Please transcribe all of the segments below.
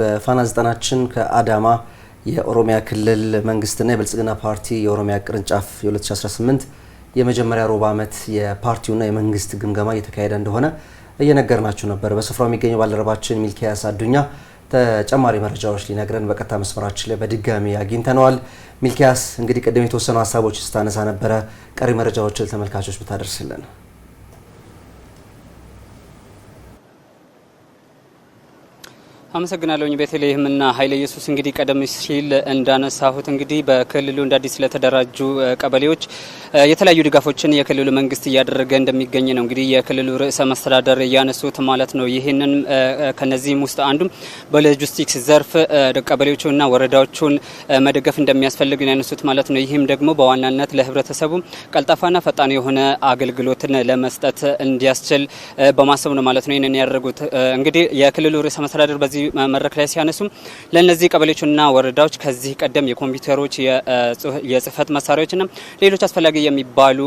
በፋና ዘጠናችን ከአዳማ የኦሮሚያ ክልል መንግስትና የብልጽግና ፓርቲ የኦሮሚያ ቅርንጫፍ የ2018 የመጀመሪያ ሩብ ዓመት የፓርቲውና የመንግስት ግምገማ እየተካሄደ እንደሆነ እየነገርናችሁ ነበር። በስፍራው የሚገኘው ባልደረባችን ሚልኪያስ አዱኛ ተጨማሪ መረጃዎች ሊነግረን በቀጥታ መስመራችን ላይ በድጋሚ አግኝተነዋል። ሚልኪያስ፣ እንግዲህ ቅድም የተወሰኑ ሀሳቦች ስታነሳ ነበረ። ቀሪ መረጃዎችን ለተመልካቾች ብታደርስልን። አመሰግናለሁኝ ቤተልሔምና ኃይለ ኢየሱስ። እንግዲህ ቀደም ሲል እንዳነሳሁት እንግዲህ በክልሉ እንደ አዲስ ለተደራጁ ቀበሌዎች የተለያዩ ድጋፎችን የክልሉ መንግስት እያደረገ እንደሚገኝ ነው እንግዲህ የክልሉ ርዕሰ መስተዳደር እያነሱት ማለት ነው። ይህንን ከነዚህም ውስጥ አንዱም በሎጂስቲክስ ዘርፍ ቀበሌዎቹንና ወረዳዎቹን መደገፍ እንደሚያስፈልግ ነው ያነሱት ማለት ነው። ይህም ደግሞ በዋናነት ለህብረተሰቡ ቀልጣፋና ፈጣን የሆነ አገልግሎትን ለመስጠት እንዲያስችል በማሰብ ነው ማለት ነው። ይህንን ያደረጉት እንግዲህ የክልሉ ርዕሰ መስተዳደር በዚህ መድረክ ላይ ሲያነሱም ለእነዚህ ቀበሌዎችና ወረዳዎች ከዚህ ቀደም የኮምፒውተሮች የጽህፈት መሳሪያዎችና ሌሎች አስፈላጊ የሚባሉ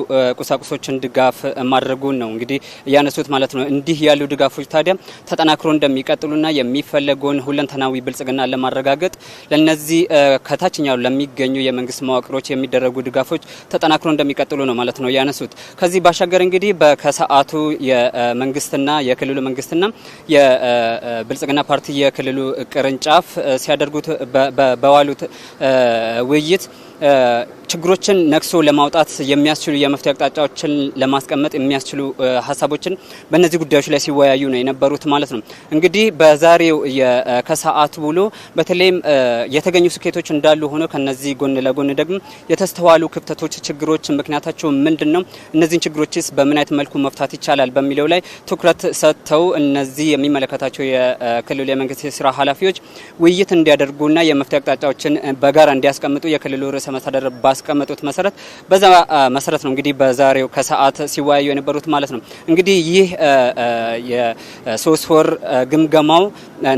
ቁሳቁሶችን ድጋፍ ማድረጉን ነው እንግዲህ ያነሱት ማለት ነው። እንዲህ ያሉ ድጋፎች ታዲያ ተጠናክሮ እንደሚቀጥሉና የሚፈለገውን ሁለንተናዊ ብልጽግና ለማረጋገጥ ለነዚህ ከታችኛው ለሚገኙ የመንግስት መዋቅሮች የሚደረጉ ድጋፎች ተጠናክሮ እንደሚቀጥሉ ነው ማለት ነው ያነሱት። ከዚህ ባሻገር እንግዲህ ከሰዓቱ የመንግስትና የክልሉ መንግስትና የብልጽግና ፓርቲ የክልሉ ቅርንጫፍ ሲያደርጉት በዋሉት ውይይት ችግሮችን ነክሶ ለማውጣት የሚያስችሉ የመፍትሄ አቅጣጫዎችን ለማስቀመጥ የሚያስችሉ ሀሳቦችን በእነዚህ ጉዳዮች ላይ ሲወያዩ ነው የነበሩት ማለት ነው። እንግዲህ በዛሬው ከሰዓት ውሎ በተለይም የተገኙ ስኬቶች እንዳሉ ሆኖ ከነዚህ ጎን ለጎን ደግሞ የተስተዋሉ ክፍተቶች፣ ችግሮች ምክንያታቸው ምንድን ነው፣ እነዚህን ችግሮችስ በምን አይነት መልኩ መፍታት ይቻላል በሚለው ላይ ትኩረት ሰጥተው እነዚህ የሚመለከታቸው የክልሉ የመንግስት የስራ ኃላፊዎች ውይይት እንዲያደርጉና የመፍትሄ አቅጣጫዎችን በጋራ እንዲያስቀምጡ የክልሉ ርዕሰ ርዕሰ መስተዳደር ባስቀመጡት መሰረት በዛ መሰረት ነው እንግዲህ በዛሬው ከሰዓት ሲወያዩ የነበሩት ማለት ነው። እንግዲህ ይህ የሶስት ወር ግምገማው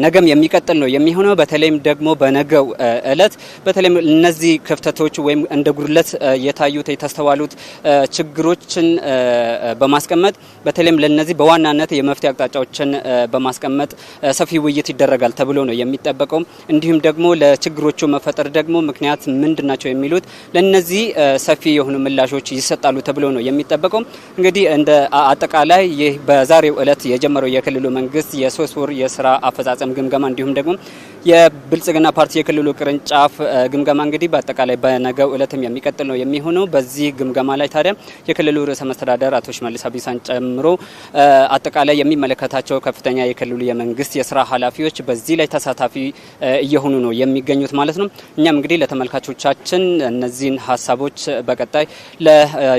ነገም የሚቀጥል ነው የሚሆነው። በተለይም ደግሞ በነገው እለት በተለይም እነዚህ ክፍተቶች ወይም እንደ ጉድለት የታዩት የተስተዋሉት ችግሮችን በማስቀመጥ በተለይም ለነዚህ በዋናነት የመፍትሄ አቅጣጫዎችን በማስቀመጥ ሰፊ ውይይት ይደረጋል ተብሎ ነው የሚጠበቀው። እንዲሁም ደግሞ ለችግሮቹ መፈጠር ደግሞ ምክንያት ምንድናቸው የሚሉት ለነዚህ ሰፊ የሆኑ ምላሾች ይሰጣሉ ተብሎ ነው የሚጠበቀው። እንግዲህ እንደ አጠቃላይ ይህ በዛሬው እለት የጀመረው የክልሉ መንግስት የሶስት ወር የስራ አፈጻጸም ግምገማ እንዲሁም ደግሞ የብልጽግና ፓርቲ የክልሉ ቅርንጫፍ ግምገማ እንግዲህ በአጠቃላይ በነገው እለትም የሚቀጥል ነው የሚሆነው። በዚህ ግምገማ ላይ ታዲያ የክልሉ ርዕሰ መስተዳደር አቶ ሽመልስ አብዲሳን ጨምሮ አጠቃላይ የሚመለከታቸው ከፍተኛ የክልሉ የመንግስት የስራ ኃላፊዎች በዚህ ላይ ተሳታፊ እየሆኑ ነው የሚገኙት ማለት ነው። እኛም እንግዲህ ለተመልካቾቻችን እነዚህን ሀሳቦች በቀጣይ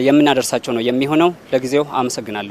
የምናደርሳቸው ነው የሚሆነው። ለጊዜው አመሰግናለሁ።